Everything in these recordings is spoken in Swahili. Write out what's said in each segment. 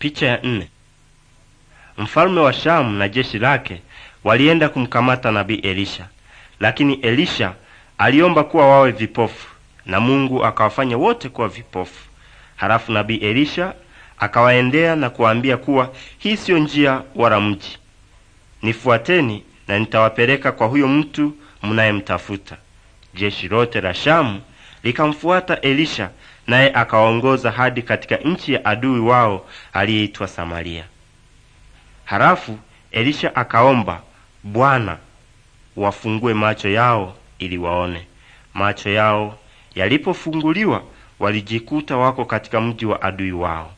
Picha ya nne. Mfalme wa Shamu na jeshi lake walienda kumkamata nabii Elisha, lakini Elisha aliomba kuwa wawe vipofu na Mungu akawafanya wote kuwa vipofu. Halafu nabii Elisha akawaendea na kuwaambia kuwa hii siyo njia wala mji, nifuateni na nitawapeleka kwa huyo mtu mnayemtafuta. Jeshi lote la Shamu likamfuata Elisha, naye akawaongoza hadi katika nchi ya adui wao aliyeitwa Samaria. Halafu Elisha akaomba, Bwana, wafungue macho yao ili waone. Macho yao yalipofunguliwa, walijikuta wako katika mji wa adui wao.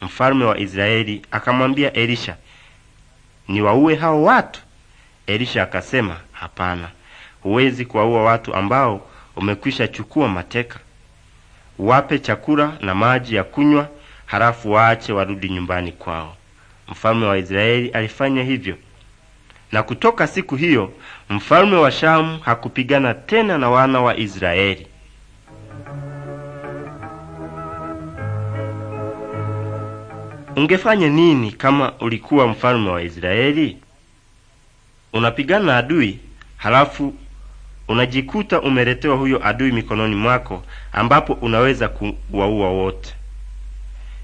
Mfalme wa Israeli akamwambia Elisha, niwaue hao watu? Elisha akasema, hapana, huwezi kuwaua watu ambao umekwisha chukua mateka, wape chakula na maji ya kunywa, halafu waache warudi nyumbani kwao. Mfalme wa Israeli alifanya hivyo, na kutoka siku hiyo mfalme wa Shamu hakupigana tena na wana wa Israeli. Ungefanya nini kama ulikuwa mfalme wa Israeli? Unapigana na adui halafu unajikuta umeletewa huyo adui mikononi mwako, ambapo unaweza kuwaua wote.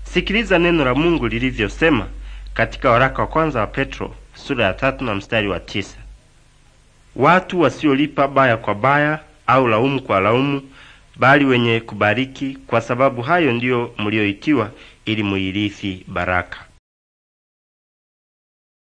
Sikiliza neno la Mungu lilivyosema katika waraka wa kwanza wa Petro sura ya tatu na mstari wa tisa. Watu wasiolipa baya kwa baya au laumu kwa laumu, bali wenye kubariki, kwa sababu hayo ndiyo mlioitiwa, ili muirithi baraka.